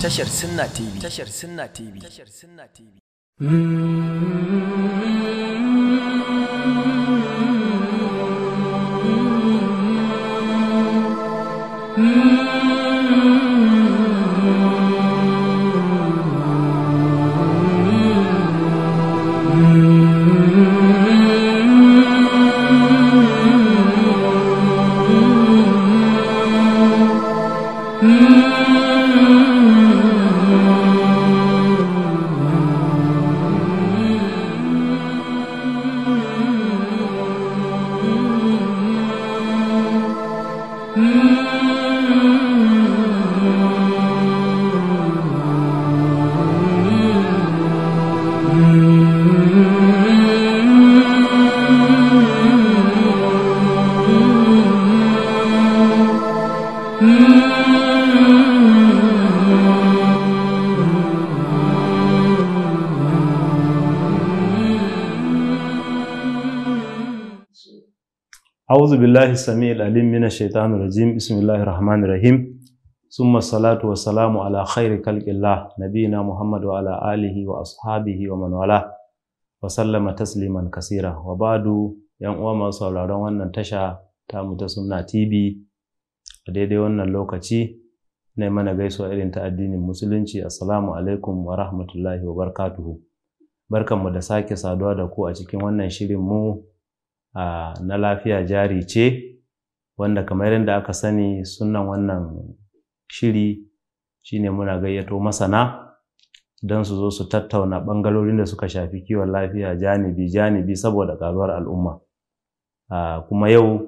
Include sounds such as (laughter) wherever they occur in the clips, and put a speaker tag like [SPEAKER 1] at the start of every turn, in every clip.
[SPEAKER 1] tashar sunna tv tashar sunna tv tashar sunna tv
[SPEAKER 2] hmm.
[SPEAKER 1] أعوذ بالله السميع العليم من الشيطان الرجيم بسم الله الرحمن الرحيم ثم الصلاة والسلام على خير خلق الله نبينا محمد وعلى آله وأصحابه ومن والاه وسلم تسليما كثيرا وبعد يوم uwa صلى sauraron wannan tasha ta mu ta sunna tv a daidai wannan lokaci na mana gaisuwa irin ta addinin musulunci assalamu alaikum wa rahmatullahi wa barkatuhu barkanmu da sake saduwa da ku a cikin wannan shirin mu na lafiya jari ce wanda kamar yadda aka sani sunan wannan shiri shine muna gayyato masana don su zo su tattauna ɓangarorin da suka shafi kiwon lafiya janibi janibi saboda karuwar al'umma kuma yau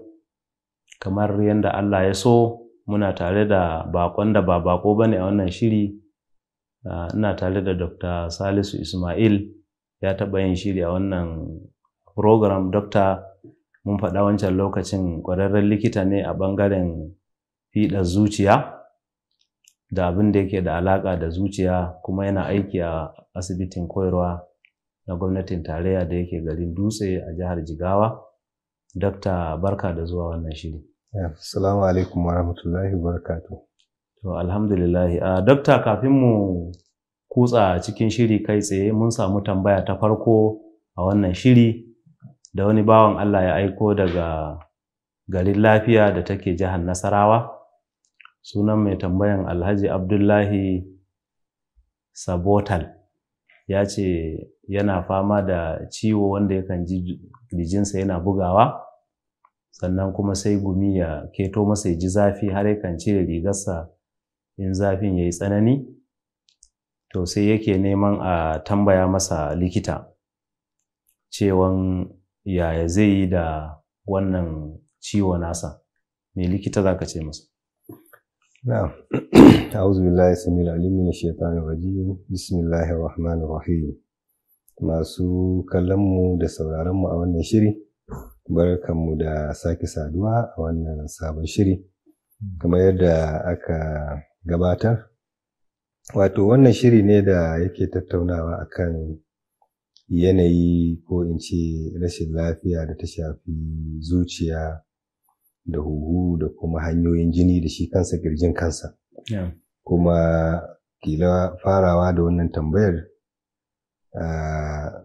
[SPEAKER 1] kamar yadda Allah ya so muna tare da bakon da ba bako ba ne a wannan shiri ina tare da dr salisu ismail ya taɓa yin shiri a wannan program dr mun faɗa wancan lokacin ƙwararren likita ne a ɓangaren fiɗa zuciya da abin da yake da alaƙa da zuciya kuma yana aiki a asibitin koyarwa na gwamnatin tarayya da yake garin dutse a jihar jigawa dakta barka da zuwa wannan shiri assalamu alaikum warahmatullahi wabarakatuh to alhamdulillahi a ah, dakta kafin mu kutsa cikin shiri kai tsaye mun samu tambaya ta farko a wannan shiri da wani bawan Allah ya aiko daga garin lafiya da take jihar Nasarawa sunan mai tambayan Alhaji Abdullahi Sabotal ya ce yana fama da ciwo wanda yakan ji kirjinsa yana bugawa sannan kuma sai gumi ya keto masa ya ji zafi har yakan cire rigarsa in zafin ya yi tsanani to sai yake neman a tambaya masa likita cewan yaya zai yi da wannan
[SPEAKER 3] ciwo nasa
[SPEAKER 1] me likita za ka ce masa
[SPEAKER 3] na'am (coughs) a'udhu billahi samil alim min shaitanir rajim bismillahir rahmanir rahim masu kallon mu da sauraron mu a wannan shiri Barkanmu mu da sake saduwa a wannan sabon shiri kamar yadda aka gabatar wato wannan shiri ne da yake tattaunawa akan yanayi ko in ce rashin lafiya da ta shafi zuciya da huhu da kuma hanyoyin jini da shi kansa kirjin kansa. Kuma kila farawa da wannan tambayar uh,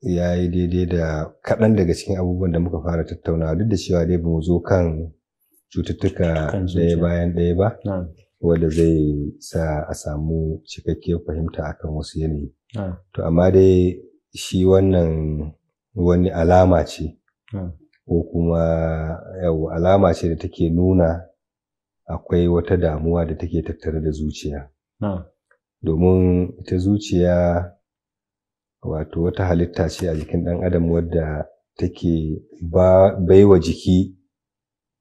[SPEAKER 3] ya yi daidai da kaɗan daga cikin abubuwan da muka fara tattauna duk da cewa dai mu zo kan cututtuka ɗaya bayan ɗaya ba yeah. wanda zai sa a samu cikakkiyar fahimta akan wasu yanayi. To amma dai shi wannan wani alama ce ah. ko kuma yau alama ce da take nuna akwai wata damuwa da take tattare da zuciya ah. domin ita zuciya wato wata halitta ce a jikin ɗan adam wadda take baiwa jiki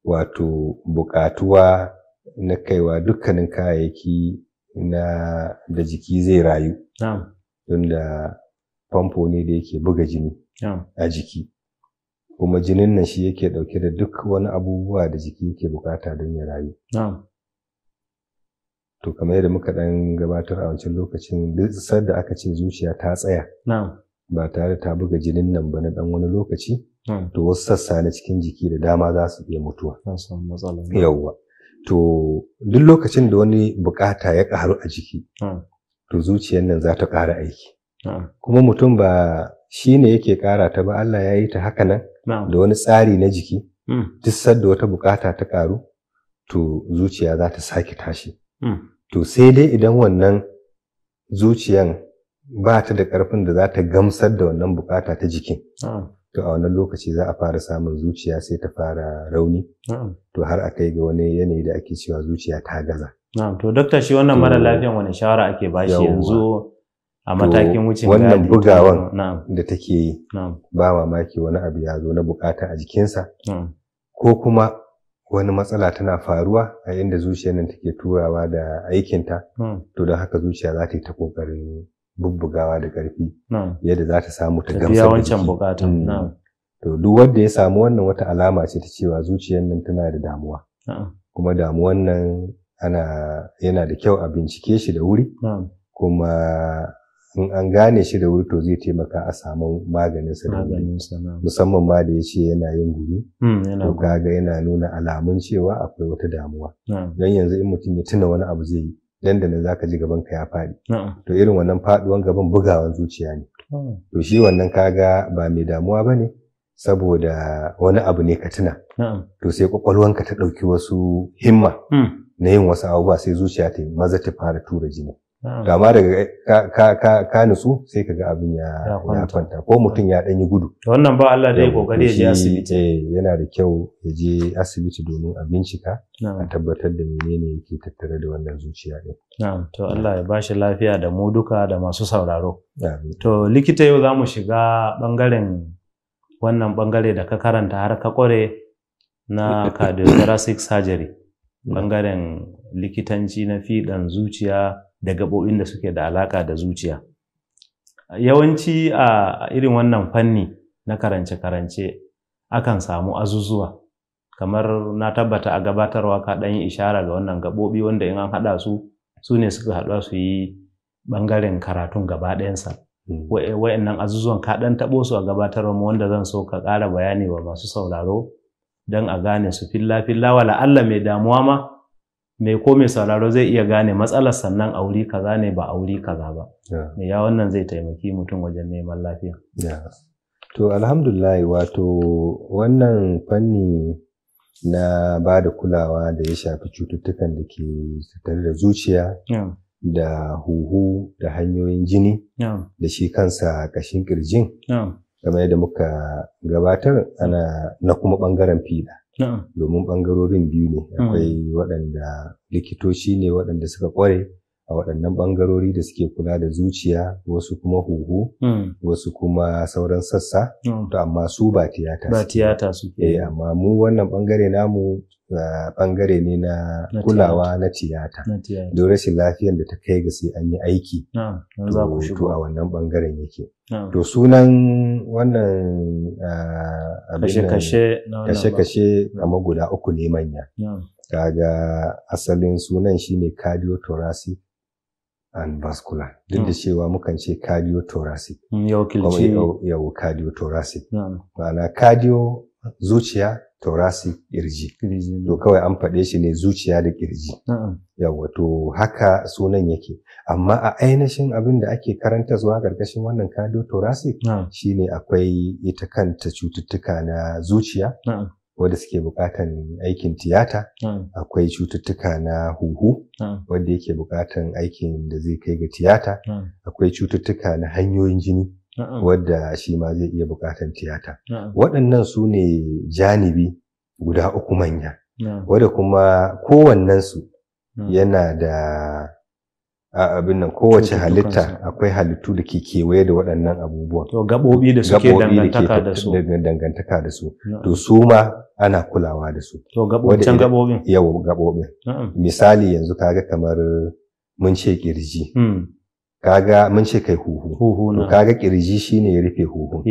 [SPEAKER 3] wato buƙatuwa na kaiwa dukkanin kayayyaki na da jiki zai rayu don da famfo ne da yake buga jini a jiki kuma jinin nan shi yake dauke da duk wani abubuwa da jiki yake bukata don ya rayu to kamar yadda muka dan gabatar a wancan lokacin duk da aka ce zuciya ta tsaya ba tare ta buga jinin nan ba na dan wani lokaci to wasu sassa na cikin jiki da dama za su iya mutuwa yawwa to duk lokacin da wani bukata ya karu a jiki to zuciyar nan za ta ƙara aiki kuma mutum ba shi ne yake kara ta ba Allah ya yi ta haka nan da wani tsari na jiki hmm. duk sadda wata bukata ta karu, to zuciya za ta sake tashi hmm. to sai dai idan wannan zuciyan ba ta da ƙarfin da za ta gamsar da wannan bukata ta jikin to a wannan lokaci za a fara samun zuciya sai ta fara rauni to har a kai ga wani yanayi da ake cewa zuciya ta gaza
[SPEAKER 2] to
[SPEAKER 1] dokta shi wannan mara lafiyan wani shawara ake bashi yanzu
[SPEAKER 3] a matakin wucin gadi wannan bugawan da take yi ba mamaki wani abu ya zo na bukata a jikinsa ko kuma wani matsala tana faruwa a inda zuciyar nan take turawa da aikinta to don haka zuciya za ta yi ta kokarin bubbugawa da karfi yadda za ta samu ta gamsa wancan bukata mm. to duk wanda ya samu wannan wata alama ce ta cewa zuciyar nan tana da damuwa kuma damuwan nan ana yana da kyau a bincike shi da wuri kuma in an gane shi da wuri to zai taimaka a samu maganin sa musamman ma da ya ce yana yin gumi hmm, to kaga yana nuna alamun cewa akwai wata damuwa don yanzu in mutum ya tuna wani abu zai yi dan da nan zaka ji gaban ka ya faɗi to irin wannan faduwan gaban bugawan zuciya ne hmm. to shi wannan kaga ba mai damuwa ba ne saboda wani abu ne ka tuna to sai kwakwalwanka ta ɗauki wasu himma hmm. na yin wasu abubuwa sai zuciya ta maza ta fara tura jini kama daga ka nutsu sai ka ga abin ya kwanta ko mutum ya ɗanyi gudu
[SPEAKER 1] wannan ba Allah dai kokari ya je asibiti
[SPEAKER 3] eh, yana da kyau ya je asibiti domin a bincika a tabbatar da menene yake tattare da wannan zuciya ɗin
[SPEAKER 1] na'am to Allah ya bashi lafiya da mu duka da masu sauraro to likita yau mu shiga bangaren wannan bangare da ka karanta har ka kware na (coughs) cardiothoracic surgery bangaren likitanci na fiɗan zuciya da gaɓoɓin da suke da alaƙa da zuciya yawanci a irin wannan fanni na karance-karance akan samu azuzuwa kamar na tabbata a gabatarwa ka ɗan yi ishara ga wannan gaɓoɓi wanda in an haɗa su su ne suka haɗa su yi ɓangaren karatun gaba ɗayansa hmm. wa'annan eh, azuzuwan ka ɗan taɓo su a gabatarwa mu wanda zan so ka ƙara bayani wa masu sauraro don a gane su filla-filla wala Allah mai damuwa ma mai ko mai sauraro zai iya gane matsalar sannan a wuri kaza ne ba a wuri kaza ba me ya wannan zai taimaki mutum wajen neman lafiya
[SPEAKER 3] to alhamdulillah wato wannan fanni na ba da kulawa da ya shafi cututtukan da ke tattare da zuciya da huhu da hanyoyin jini da shi kansa kashin kirjin kamar yadda muka gabatar ana na kuma bangaren fiɗa domin bangarorin biyu ne hmm. akwai waɗanda likitoci ne waɗanda suka kware a waɗannan ɓangarori da suke kula da zuciya wasu kuma huhu hmm. wasu kuma sauran sassa hmm. to amma su ba tiyata ba tiyata
[SPEAKER 1] su eh, amma
[SPEAKER 3] mu wannan bangare namu bangare ne na kulawa na tiyata don rashin lafiyar da ta kai ga sai an yi aiki to a wannan bangaren yake to sunan wannan ah, kashe-kashe kama guda uku ne manya kaga asalin sunan shine cardiothoracic and vascular duk da cewa mukan ce cardiothoracic Yau yau cardiothoracic ma'ana cardio zuciya thoracic kirji to kawai an faɗe shi ne zuciya da kirji yawa wato haka sunan yake amma a ainihin abin da ake karanta zuwa gargashin wannan kado, thoracic shine akwai ita kanta cututtuka na zuciya wadda suke bukatan aikin tiyata akwai cututtuka na huhu wadda yake bukatan aikin da zai kai ga tiyata akwai cututtuka na hanyoyin jini wadda shi ma zai iya bukatan tiyata. Waɗannan su ne janibi guda uku manya, wadda kuma kowannensu yana da abin nan kowace halitta akwai halittu da ke kewaye da waɗannan abubuwan. To gaɓoɓi da suke dangantaka da su. da su. To su ma ana kulawa da su. To gaɓoɓin gaɓoɓin. Yau gaɓoɓin. Misali yanzu kaga kamar mun ce kirji. Hmm. kaga mun ce kai huhu huhu to kaga kirji shine ya rufe huhu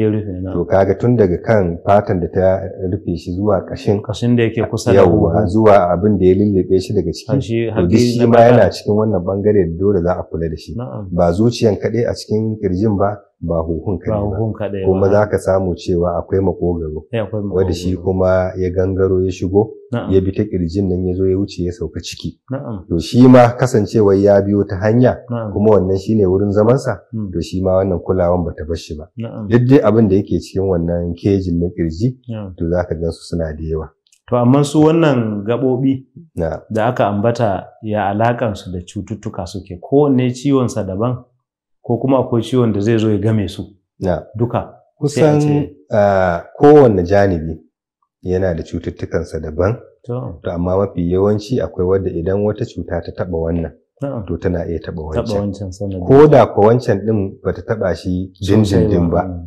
[SPEAKER 3] to kaga tun daga kan fatan da ta rufe shi zuwa kashin kashin da yake kusa da huhu zuwa abin da ya lullube shi daga ciki to shi ma yana cikin wannan bangare da dole za a kula da shi ba zuciyan kaɗai a cikin kirjin ba ba huhun kaɗai ba kuma za samu cewa akwai makogaro eh, wanda shi kuma ya gangaro ya shigo ya bi ta kirjin nan ya zo ya wuce ya sauka ciki to shi ma kasancewar ya biyo ta hanya kuma wannan shine wurin zamansa hmm. to shi ma wannan kulawan bata bar shi ba duk dai abin da yake cikin wannan kejin na kirji to za gan su suna da yawa
[SPEAKER 1] to amma su wannan gaɓoɓi da aka ambata ya alakansu da cututtuka suke kowanne sa daban ko kuma akwai ciwon da zai zo ya game su
[SPEAKER 3] duka kusan kowanne janibi yana da cututtukansa daban to amma mafi yawanci akwai wadda idan wata cuta ta taba wannan to tana iya taba wancan ko da ko wancan din bata taba shi jinjin din ba mm.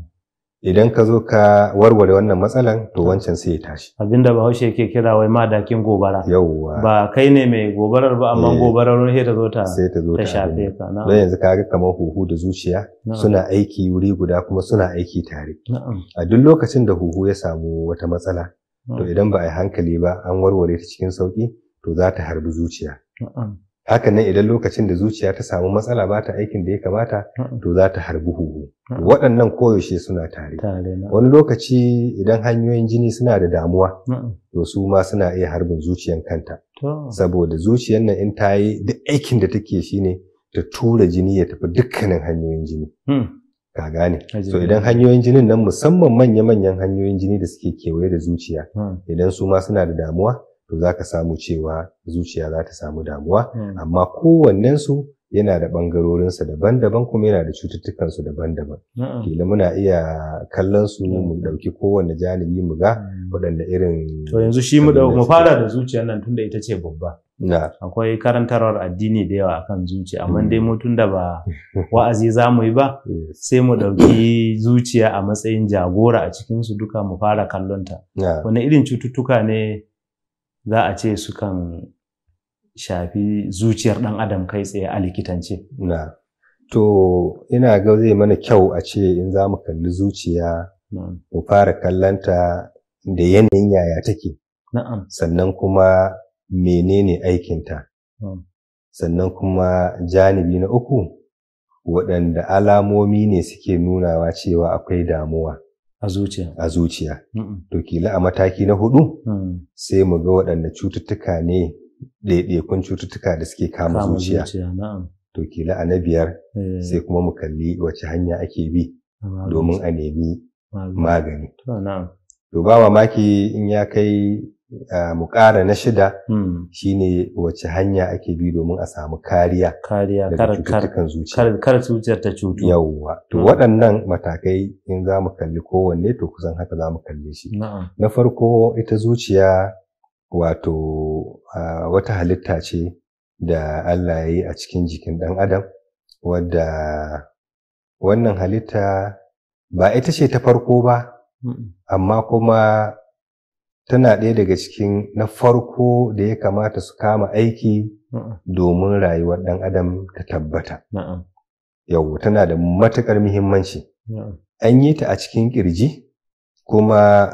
[SPEAKER 3] idan ka zo ka warware wannan matsalan to wancan sai ya tashi abinda
[SPEAKER 1] bahaushe yake kira wai madakin gobara yawwa ba kai ne mai gobarar ba amma eh. gobarar sai ta zo
[SPEAKER 2] ta sai ta zo ta shafe ka na'am don yanzu
[SPEAKER 3] kaga kamar huhu da zuciya suna aiki wuri guda kuma suna aiki tare a duk lokacin da huhu ya samu wata matsala to idan ba a yi hankali ba an warware ta cikin sauki to za ta harbi zuciya hakan nan idan lokacin da zuciya ta samu matsala ba ta aikin da ya kamata to za ta harbi huhu waɗannan koyaushe suna tare wani lokaci idan hanyoyin jini suna da damuwa to su ma suna iya harbin zuciyan kanta saboda zuciyan nan in ta yi duk aikin da take shi ne ta tura jini ya tafi dukkanin hanyoyin jini mm. ka gane so idan hanyoyin jinin nan musamman manya-manyan hanyoyin jini da suke kewaye da zuciya mm. idan su ma suna da damuwa to za ka samu cewa zuciya za ta samu damuwa hmm. amma kowannensu yana da ɓangarorinsa daban-daban kuma yana da cututtukansu daban-daban. Hmm. Kila muna iya kallon su hmm. mu ɗauki kowane janibi mu ga waɗanda irin. To
[SPEAKER 1] yanzu shi mu fara da zuciyar nan tunda ita ce babba. Akwai karantarwar addini da yawa akan zuciya amma dai mu tunda ba (laughs) wa'azi za mu yi ba sai mu ɗauki zuciya a matsayin jagora a cikinsu duka mu fara kallonta. Wani irin cututtuka ne za a ce sukan shafi zuciyar ɗan adam
[SPEAKER 3] kai tsaye a likitance. Na. To, ina ga zai mana kyau a ce in za mu kalli zuciya mu fara kallanta da yanayin yaya take. Na'am. Sannan kuma menene aikinta. Sannan kuma janibi na uku waɗanda alamomi ne suke nunawa cewa akwai damuwa. a zuciya a zuciya to kila a mataki na hudu mm. sai mu ga waɗanne cututtuka ne ɗaiɗaikun cututtuka da suke kama zuciya to kila a na biyar eh. sai kuma mu kalli wace hanya ake bi domin a nemi magani to ba mamaki in ya kai mu ƙara na shida hmm. shine wace hanya ake bi domin a samu kariya daga cututtukan zuciya kar zuciyar ta cutu yawwa to hmm. waɗannan matakai in za mu kalli kowanne to kusan haka za mu kalle shi na farko ita zuciya wato wata halitta ce da Allah ya yi a cikin jikin ɗan adam wadda wannan halitta ba ita ce ta farko ba hmm. amma kuma tana ɗaya daga cikin na farko da ya kamata su kama aiki domin rayuwar ɗan adam ta tabbata. Yau tana da matuƙar muhimmanci. An yi ta a cikin ƙirji kuma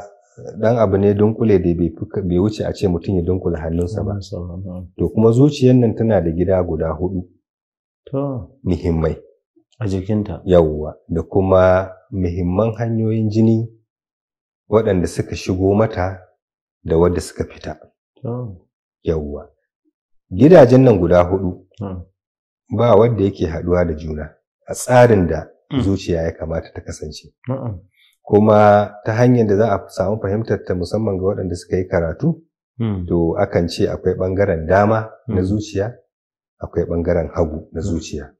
[SPEAKER 3] ɗan abu ne dunkule da bai wuce a ce mutum ya dunkule hannunsa ba. To kuma zuciyar nan tana da gida guda hudu. Muhimmai. A jikinta. Yawwa da kuma muhimman hanyoyin jini waɗanda suka shigo mata da wadda suka fita. Oh. Yawwa. Gidajen nan guda hudu oh. ba wadda yake haɗuwa da juna a tsarin da hmm. zuciya ya kamata ta kasance. Oh. Kuma ta hanyar da za a samu fahimtar ta musamman ga waɗanda suka yi karatu, hmm. to akan ce akwai ɓangaren dama na hmm. zuciya, akwai ɓangaren hagu na zuciya.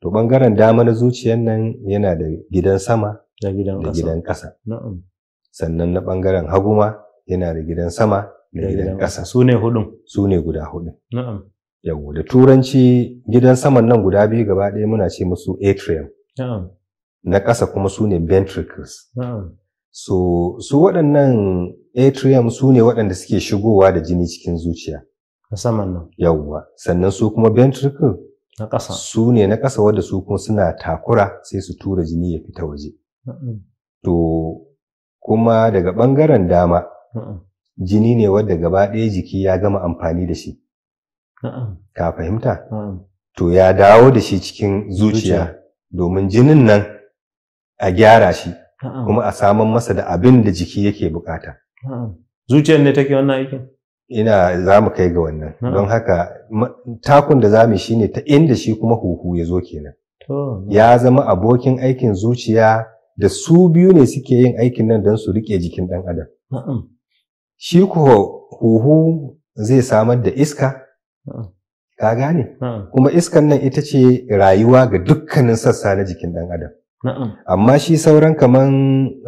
[SPEAKER 3] To ɓangaren dama na zuciyan nan yana da gidan sama da gidan ƙasa. Sannan na ɓangaren hagu ma yana da gidan sama da gidan ƙasa su ne hudun su ne guda hudun na'am yawo da turanci gidan saman nan guda biyu gaba ɗaya muna ce musu atrium na'am na ƙasa kuma su ne ventricles na'am so su waɗannan atrium su ne waɗanda suke shigowa da jini cikin zuciya na saman nan yawwa sannan su kuma ventricle
[SPEAKER 2] na ƙasa su
[SPEAKER 3] ne na ƙasa wadda su kuma suna takura sai su tura jini ya fita waje to kuma daga ɓangaren dama jini ne wadda gaba ɗaya jiki ya gama amfani da shi ka fahimta to ya dawo da shi cikin zuciya domin jinin nan a gyara shi kuma a saman masa da abin da jiki yake bukata zuciyar ne take wannan aikin ina za mu kai ga wannan don haka takun da za mu shi ne ta inda shi kuma huhu ya zo kenan ya zama abokin aikin zuciya da su biyu ne suke yin aikin nan don su rike jikin ɗan adam shi kuwa huhu zai samar da iska ka gane kuma iskan nan ita ce rayuwa ga dukkanin sassa na jikin ɗan adam amma shi sauran kaman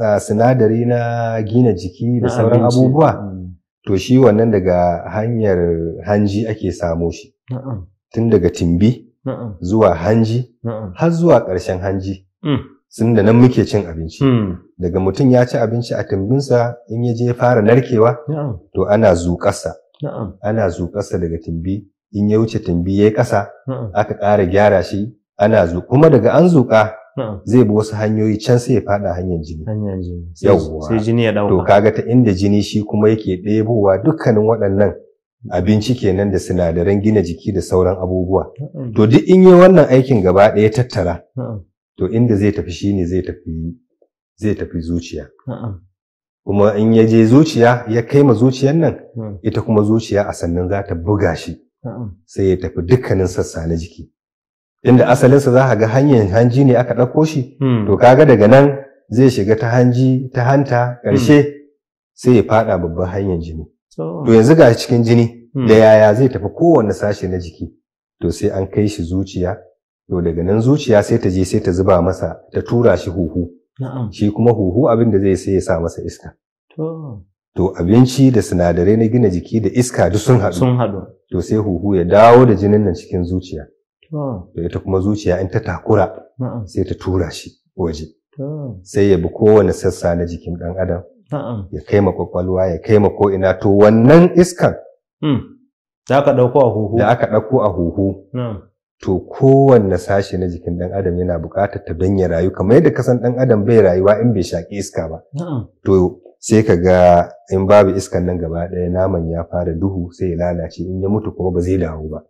[SPEAKER 3] ah, sinadari na gina jiki da sauran abubuwa mm. to shi wannan daga hanyar hanji ake samo shi tun daga timbi zuwa hanji har zuwa ƙarshen hanji mm. sun da nan muke cin abinci hmm. daga mutum ya ci abinci a timbinsa in ya je ya fara narkewa to ana zuƙasa. ana zuƙasa daga timbi in ya wuce timbi ya yi ƙasa aka ƙara gyara shi ana zuƙa kuma daga an zuƙa zai bi wasu hanyoyi can sai ya faɗa hanyar jini yawwa sai jini ya kaga ta inda jini shi kuma yake ɗebowa dukkanin waɗannan abinci kenan da sinadaran gina jiki da sauran abubuwa to duk in yi wannan aikin gaba ɗaya tattara to inda zai tafi shine zai tafi zai tafi zuciya kuma in ya je zuciya ya kai ma zuciyan nan ita kuma zuciya a sannan za ta buga shi sai ya tafi dukkanin sassa na jiki inda asalinsa za ka ga hanyar hanji ne aka ɗauko shi hmm. to kaga daga nan zai shiga ta hanji ta hanta ƙarshe hmm. sai ya faɗa babban hanyar jini to yanzu ga cikin jini hmm. da yaya zai tafi kowane sashe na jiki to sai an kai shi zuciya to daga nan zuciya sai ta je sai ta zuba masa ta tura shi huhu shi kuma huhu abin da zai sai ya sa masa iska to abinci da sinadarai na gina jiki da iska duk sun haɗu to sai huhu ya dawo da jinin nan cikin zuciya to ita kuma zuciya in ta takura sai ta tura shi waje sai ya bi kowane sassa na jikin ɗan adam ya kai ma kwakwalwa ya kai ma ko'ina to wannan iskan hmm. da aka ɗauko a huhu to kowanne sashe na jikin ɗan adam yana buƙatar ta don ya rayu kamar yadda kasan ɗan adam bai rayuwa in bai shaƙi iska ba to sai ka ga in babu iskan nan gaba ɗaya naman ya fara duhu sai ya lalace in ya mutu kuma ba zai dawo ba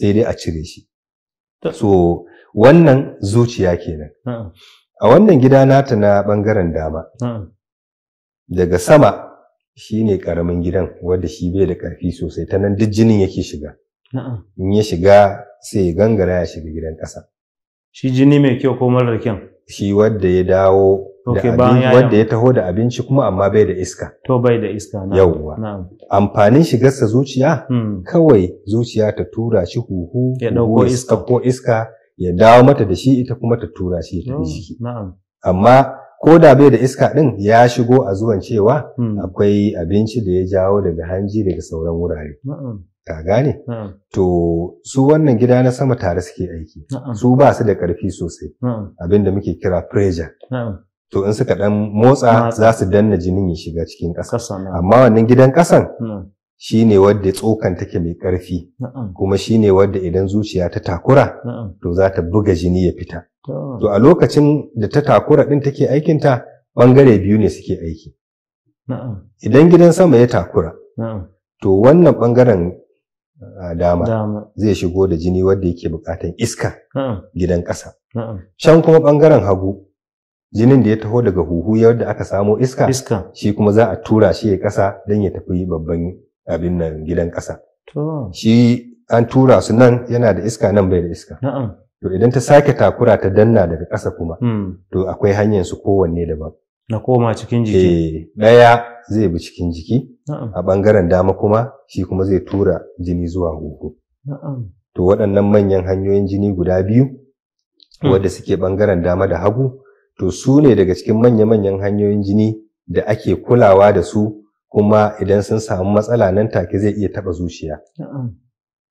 [SPEAKER 3] sai dai a cire shi so wannan zuciya kenan a wannan gida nata na ɓangaren dama daga sama shine ƙaramin gidan wanda shi bai da ƙarfi sosai ta nan duk jinin yake shiga in ya shiga sai ya gangara ya shiga gidan ƙasa shi jini mai kyau ko marar kyan shi wadda ya dawo wadda ya taho da abinci kuma amma bai da iska to bai da iska na yawwa amfanin shigarsa zuciya hmm. kawai zuciya ta tura shi huhu ya dauko iska ko iska ya dawo mata da shi ita kuma ta tura shi ta hmm. jiki amma ko da bai da iska ɗin ya shigo a zuwan cewa hmm. akwai abinci da ya jawo daga hanji daga sauran wurare. ka gane to su wannan gida na sama tare suke aiki su ba su da ƙarfi sosai Abinda muke kira pressure to in suka dan motsa za su danna jinin ya shiga cikin ƙasa amma wannan gidan ƙasan shi ne wadda tsokan take mai ƙarfi kuma shi ne wadda idan zuciya ta takura to za ta buga jini ya fita to a lokacin da ta takura ɗin take aikinta ɓangare biyu ne suke aiki idan gidan sama ya takura to wannan ɓangaren dama zai shigo da jini wadda yake bukatan iska gidan ƙasa can kuma ɓangaren hagu jinin da ya taho daga huhu yadda aka samo iska shi kuma za a tura shi ya ƙasa don ya tafi babban abin nan gidan ƙasa shi an tura su nan yana da iska nan bai da iska to idan ta sake takura ta danna daga ƙasa kuma hmm. to akwai hanyar su kowanne daban na koma cikin jiki eh, ɗaya zai bi cikin jiki a ɓangaren dama kuma shi kuma zai tura jini zuwa huhu to waɗannan manyan hanyoyin jini guda biyu hmm. wadda suke ɓangaren dama da hagu to su ne daga cikin manya-manyan hanyoyin jini da ake kulawa da su kuma idan sun samu matsala nan take zai iya taɓa zuciya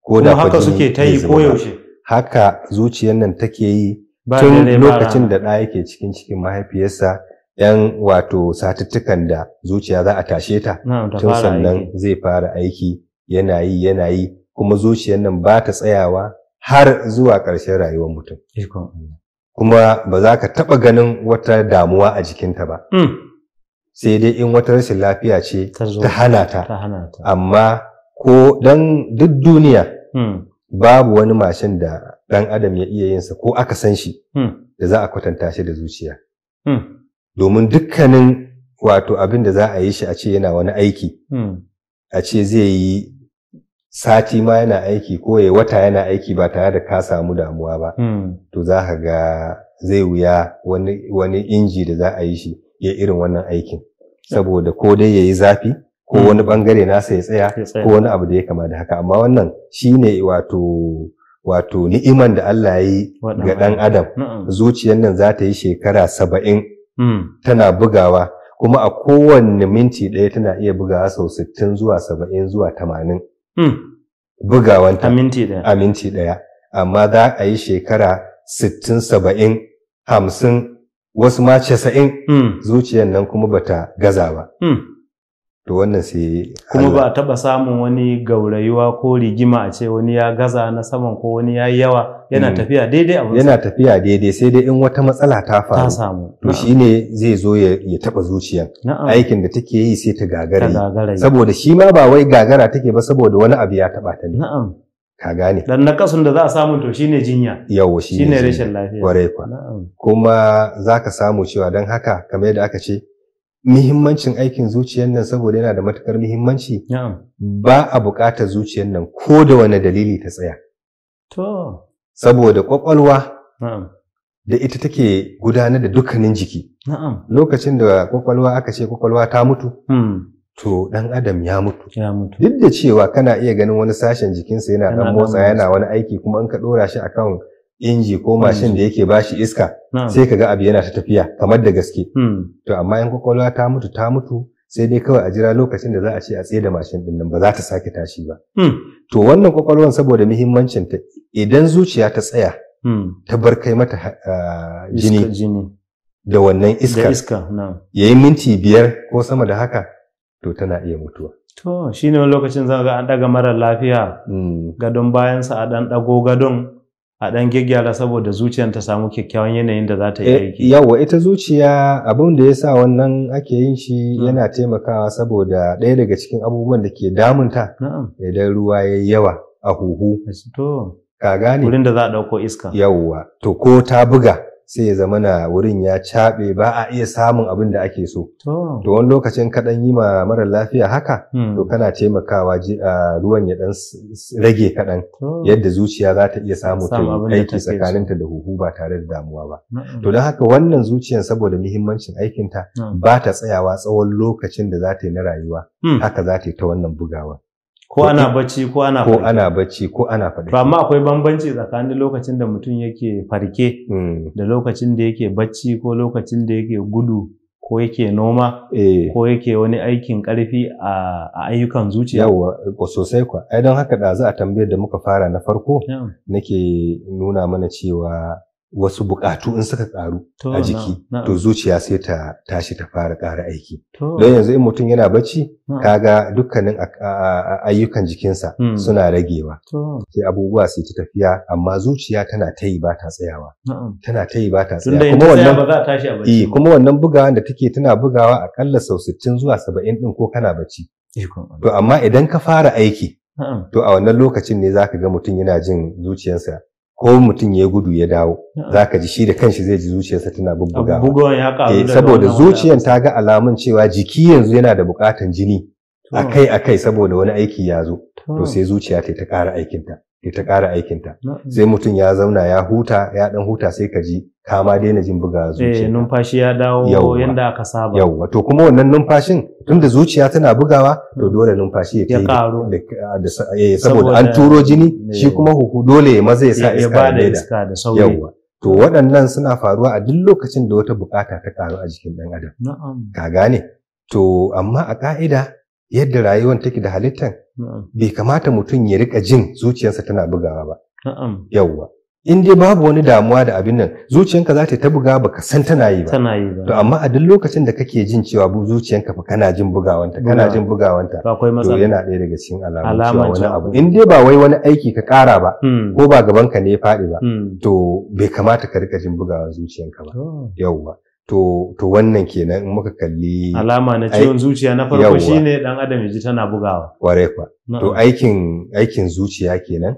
[SPEAKER 3] ko da haka suke ta yi koyaushe haka zuciyar nan take yi tun lokacin da ɗa yake cikin cikin mahaifiyarsa 'yan wato satuttukan da zuciya za a tashe ta tun sannan zai fara aiki yana yi yana yi kuma zuciyar nan ba ta tsayawa har zuwa ƙarshen rayuwar mutum kuma ba za ka taɓa ganin wata damuwa a jikinta ba hmm. sai dai in wata rashin lafiya ce ta hana ta amma ko dan duk duniya hmm. babu wani mashin da ɗan adam ya iya yinsa ko aka san shi hmm. da za a kwatanta shi da zuciya domin dukkanin wato abin da za a yi shi a ce yana wani aiki hmm. a ce zai yi sati ma yana aiki ko ya wata yana aiki ba tare da ka samu damuwa ba hmm. to za ka ga zai wuya wani inji da za a yi shi ya irin wannan aikin saboda ko dai ya yi zafi ko hmm. wani bangare nasa ya tsaya ko wani abu da ya kama da haka amma wannan shine wato wato ni'iman da Allah ya yi ga ɗan adam zuciyar nan za ta yi shekara saba'in Hmm. tana bugawa kuma a kowanne minti ɗaya tana iya bugawa sau sittin zuwa saba'in zuwa tamanin. Hmm. bugawanta a minti ɗaya amma za a yi shekara sittin saba'in hamsin wasu ma 90 hmm. zuciyar nan kuma bata gaza ba. to wannan sai kuma
[SPEAKER 1] ba taba samun wani gaurayuwa ko rigima a ce wani ya gaza na saman ko wani ya yawa
[SPEAKER 3] yana mm. tafiya daidai a yana tafiya daidai sai dai in wata matsala ta faru ta samu to shi ne zai zo ya taba zuciya aikin da take yi sai ta gagara saboda shi ma ba wai gagara take ba saboda wani abu ya taba ta ne na'am ka gane dan nakasun da za a samu to shine jinya yawo shine rashin lafiya kwa kuma zaka samu cewa dan haka kamar yadda aka ce muhimmancin aikin zuciyar nan saboda yana da matukar muhimmanci ba a bukata zuciyar nan ko da wani dalili ta tsaya. Saboda kwakwalwa, da ita take gudanar da dukkanin jiki. Lokacin da kwakwalwa aka ce kwakwalwa ta mutu, hmm. to dan adam ya mutu. Duk da cewa kana iya ganin wani sashen jikinsa yana dan motsa yana wani aiki kuma in ka ɗora shi akan inji ko mashin da yake bashi iska sai kaga abu yana ta tafiya kamar da gaske hmm. to amma in kwakwalwa ta mutu ta mutu sai dai kawai a jira lokacin da za a ce a tsaye da mashin din nan ba za ta sake tashi ba hmm. to wannan kwakwalwan saboda muhimmancin ta idan zuciya ta tsaya hmm. ta bar kai mata ah, jini da wannan iska yayi minti biyar ko sama da haka to tana iya mutuwa to
[SPEAKER 1] shine lokacin zan ga an daga mara lafiya gadon bayansa a dan dago gadon a ɗan gyaggyara saboda zuciyar ta samu kyakkyawan yanayin da za ta yi eh, aiki.
[SPEAKER 3] Yawwa ita zuciya abin da ya sa wannan ake yin shi hmm. yana taimakawa saboda ɗaya daga cikin abubuwan da ke damunta idan ruwa ya yi yawa a huhu. Ka gane? Wurin da za a ɗauko iska. Yawwa to ko ta buga sai ya zama na wurin ya caɓe ba a iya samun abin da ake so. To wani lokacin kaɗan yi ma mara lafiya haka, hmm. to kana taimakawa ruwan ya ɗan rage kaɗan yadda zuciya za ta iya samu ta aiki tsakaninta da huhu ba tare da damuwa ba. Hmm. To don haka wannan zuciyan saboda muhimmancin aikinta hmm. ba ta tsayawa tsawon lokacin da za ta yi na rayuwa, haka za ta yi ta wannan bugawa.
[SPEAKER 1] ko ana bacci
[SPEAKER 3] ko ana ko ana bacci ko ana farke amma
[SPEAKER 1] akwai bambanci tsakanin lokacin da mutum yake farke hmm. da lokacin da yake bacci ko lokacin da yake gudu ko yake noma eh. ko yake wani aikin karfi a ayyukan
[SPEAKER 2] zuciya
[SPEAKER 3] yawa sosai kwa ai don haka da za a tambayar da muka fara na farko nake nuna mana cewa wasu bukatu in suka karu a jiki to zuciya sai ta tashi ta fara ƙara aiki don yanzu in mutum yana bacci kaga dukkanin ayyukan jikinsa hmm. suna ragewa sai abubuwa sai ta tafiya amma zuciya tana ta yi ba ta tsayawa tana ta yi ba ta tsayawa kuma wannan kuma bugawa da take tana bugawa akalla sau 60 zuwa saba'in din ko kana bacci to amma idan ka fara aiki to a wannan lokacin ne zaka ga mutum yana jin zuciyarsa ko mutum ya gudu ya dawo za ka ji shi da kanshi zai ji zuciyarsa tana bubbugawa eh, saboda zuciyar ta ga alamun cewa jiki yanzu yana da buƙatan jini akai akai saboda wani aiki ya zo to sai zuciya ta ƙara aikinta ta ƙara aikinta sai mutum ya zauna ya huta ya dan huta sai ka ji kama daina jin buga eh, zuciya eh
[SPEAKER 1] numfashi ya dawo yanda aka
[SPEAKER 3] saba yawwa to kuma wannan numfashin tunda zuciya tana bugawa to mm. dole numfashi ya ƙaru eh, saboda an turo jini eh. shi kuma huhu dole ya maza ya sa iska da sauri yawa to waɗannan suna faruwa a duk lokacin da wata bukata ta karu a jikin ɗan adam ka gane to amma a ka'ida yadda rayuwar take da halittan bai kamata mutum ya rika jin zuciyarsa tana bugawa ba yawwa in dai babu wani damuwa da abin nan zuciyarka za ta ta buga ba ka san tana yi ba tana to amma a duk lokacin da kake jin cewa bu zuciyanka fa kana jin bugawanta kana jin bugawanta to yana ɗaya daga cikin alamun wani abu in dai ba wai wani aiki ka ƙara ba hmm. ko ba gaban ka ne ya faɗi ba hmm. to bai kamata ka rika jin bugawan zuciyarka ba yauwa to wannan kenan in muka kalli alama na ciwon zuciya na farko shine
[SPEAKER 1] dan adam yaji tana bugawa
[SPEAKER 3] kware kwa to aikin aikin zuciya kenan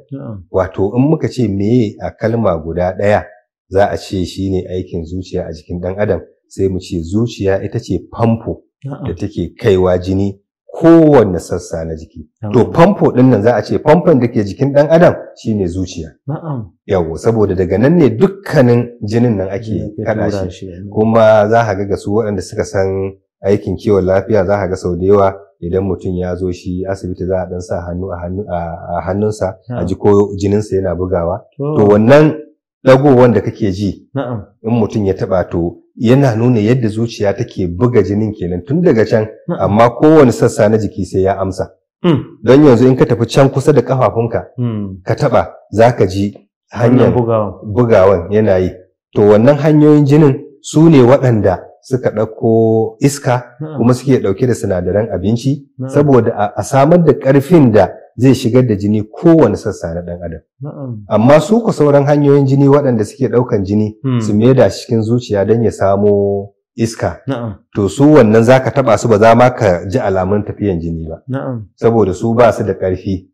[SPEAKER 3] wato in muka ce me a kalma guda daya za a ce shine aikin zuciya a jikin dan adam sai mu ce zuciya ita ce famfo da take kaiwa jini kowanne sassa na jiki. To famfo ɗin nan za a ce famfon da ke jikin ɗan adam shine zuciya. Yawo saboda daga nan ne dukkanin jinin nan ake kaɗa shi. Kuma za a ga su waɗanda suka san aikin kiwon lafiya za ka ga sau da yawa idan mutum ya zo shi asibiti za a ɗan sa hannu a hannunsa a ji ko jininsa yana bugawa. To wannan ɗagowar da kake ji in mutum ya taɓa to yana nuna yadda zuciya take buga jinin kenan tun daga can hmm. amma kowane sassa na jiki sai ya amsa hmm. don yanzu in ka tafi can kusa da kafafunka hmm. ka taba za ka ji hanyar bugawan yana yi to wannan hanyoyin jinin su ne waɗanda suka ɗauko iska kuma suke ɗauke da sinadaran abinci saboda a samar da ƙarfin da zai shigar da jini kowane sassa na ɗan
[SPEAKER 2] adam. Amma
[SPEAKER 3] su ku sauran hanyoyin jini waɗanda suke ɗaukan jini hmm. su da cikin zuciya don ya samo iska. To su wannan za ka taɓa su ba za ma ka ji alamun tafiyan jini ba. Saboda su ba su da ƙarfi.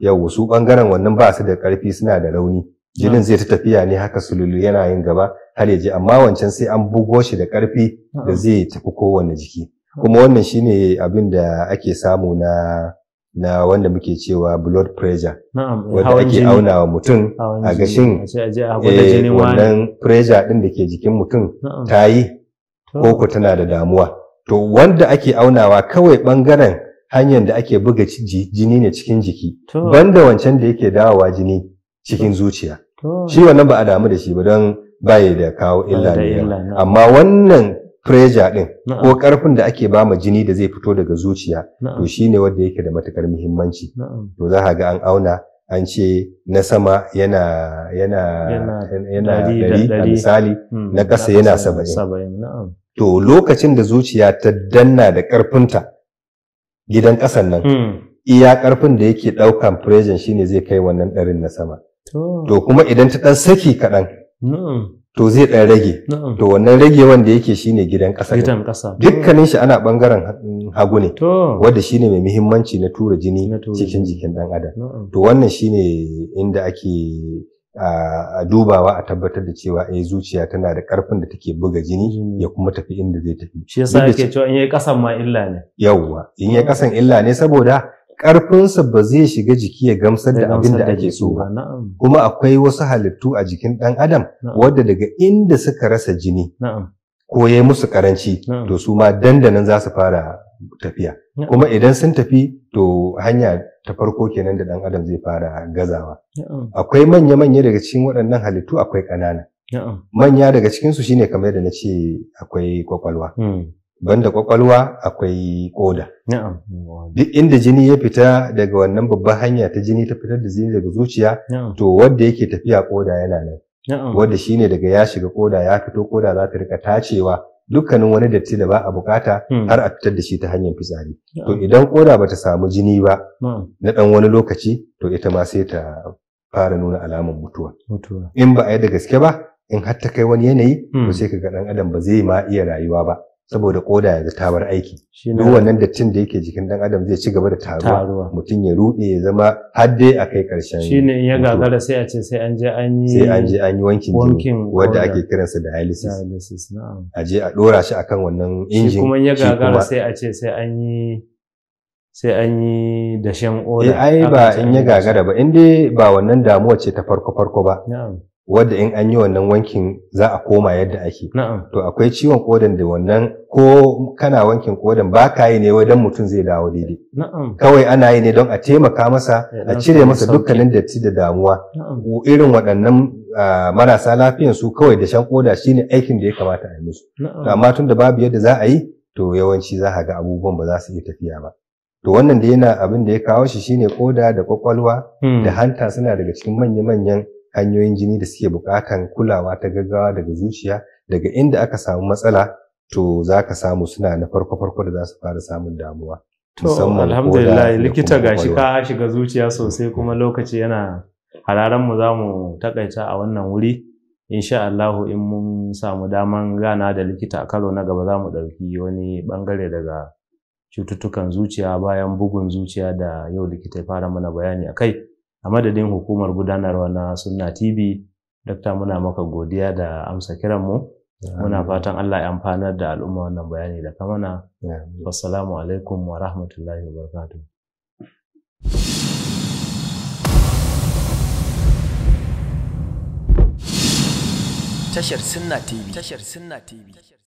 [SPEAKER 3] Yau su ɓangaren wannan ba su da ƙarfi suna da rauni. Jinin zai ta tafiya ne haka sululu yana yin gaba har ya je amma wancan sai an bugo shi da ƙarfi da zai tafi kowane jiki. Kuma wannan shine abin da ake samu na na wanda muke cewa blood pressure wanda ake auna wa mutum a gashin eh, wannan pressure ɗin da ke jikin mutum ta yi ko tana da damuwa to wanda ake aunawa kawai ɓangaren hanyar da ake buga jini ne cikin jiki banda wancan da yake dawowa jini cikin zuciya shi wannan ba a damu da shi ba don baya da kawo illa ne amma wannan pressure din ko karfin da ake ba ma jini da zai fito daga zuciya to shine wanda yake da matukar muhimmanci to za ka ga an auna an ce na sama yana yana yana dari a misali hmm, na ƙasa yana saba'in to lokacin da zuciya ta danna da ƙarfinta gidan ƙasan nan hmm. iya ƙarfin da yake ɗaukan pressure shine zai kai wannan ɗarin na sama to kuma idan ta ɗan saki kaɗan to zai ɗan rage to wannan rage wanda yake shine gidan ƙasa dukkanin shi ana ɓangaren hagu ne wanda shine mai muhimmanci na tura jini cikin jikin ɗan adam to wannan shine inda ake a dubawa a tabbatar da cewa eh zuciya tana da karfin da take buga jini ya kuma tafi inda zai tafi shi yasa yake
[SPEAKER 1] cewa in yayi kasan ma illa ne
[SPEAKER 3] yawwa in yayi kasan illa ne saboda ƙarfinsa ba zai shiga jiki ya gamsar da abin da ake so ba kuma akwai wasu halittu a jikin ɗan adam wadda daga inda suka rasa jini ko ya musu karanci to su ma dandanan za su fara tafiya kuma idan sun tafi to hanya ta farko kenan da ɗan adam zai fara gazawa akwai manya-manya daga cikin waɗannan halittu akwai ƙanana manya daga cikinsu shine kamar da na ce akwai kwakwalwa hmm. banda kwakwalwa akwai koda duk inda jini ya fita daga wannan babban hanya ta jini ta fitar da jini daga zuciya to wadda yake tafiya koda yana nan wadda shine daga ya shiga koda ya fito koda za ta rika tacewa dukkanin wani datti da ba a bukata hmm. har a fitar da shi ta hanyar fitsari to idan koda bata samu jini ba na dan wani lokaci to ita ma sai ta fara nuna alamar mutuwa in ba a yi da gaske ba in har ta kai wani yanayi to hmm. sai ka ga dan adam ba zai ma iya rayuwa ba saboda koda ya tabar aiki duk wannan dattin da yake jikin dan adam zai ci gaba da taruwa mutum ya rude ya zama har dai a kai karshen shine in ya gagara
[SPEAKER 1] sai a ce sai an je an yi sai an je an yi wankin jini wanda ake
[SPEAKER 3] kiransa dialysis dialysis a je a dora shi akan wannan injin shi kuma in ya gagara sai
[SPEAKER 1] a ce sai an yi sai an yi
[SPEAKER 3] dashen eh, oda ai ba in ya gagara ba in dai ba wannan damuwa ce ta farko farko ba na'am wadda in an yi wannan wankin za a koma yadda ake. To akwai ciwon kodan da wannan ko kana wankin kodan ba ka yi ne don mutum zai dawo daidai. Kawai ana yi ne don a taimaka masa a cire masa dukkanin datti da damuwa. Irin waɗannan marasa lafiyan su kawai da shan koda Shi ne aikin da ya kamata a yi musu. Amma tun da babu yadda za a yi to yawanci za a ga abubuwan ba za su iya tafiya ba. To wannan da yana abin da ya kawo shi shine koda da kwakwalwa hmm. da hanta suna daga cikin manya-manyan hanyoyin jini da suke bukatan kulawa ta gaggawa daga zuciya daga inda aka samu matsala to za ka samu suna na farko-farko da za su fara samun damuwa. To alhamdulillah likita gashi
[SPEAKER 1] ka shiga zuciya sosai kuma lokaci yana hararen mu za mu takaita a wannan wuri insha Allahu in mun samu daman gana da likita a karo na gaba za mu ɗauki wani bangare daga cututtukan zuciya bayan bugun zuciya da yau likita ya fara mana bayani a kai. a madadin hukumar gudanarwa na sunna tv dakta muna maka godiya da amsa kiranmu muna fatan allah ya amfanar da al'umma wannan bayani da kamana wassalamu alaikum wa rahmatullahi wa tashar sunna tashar sunna tv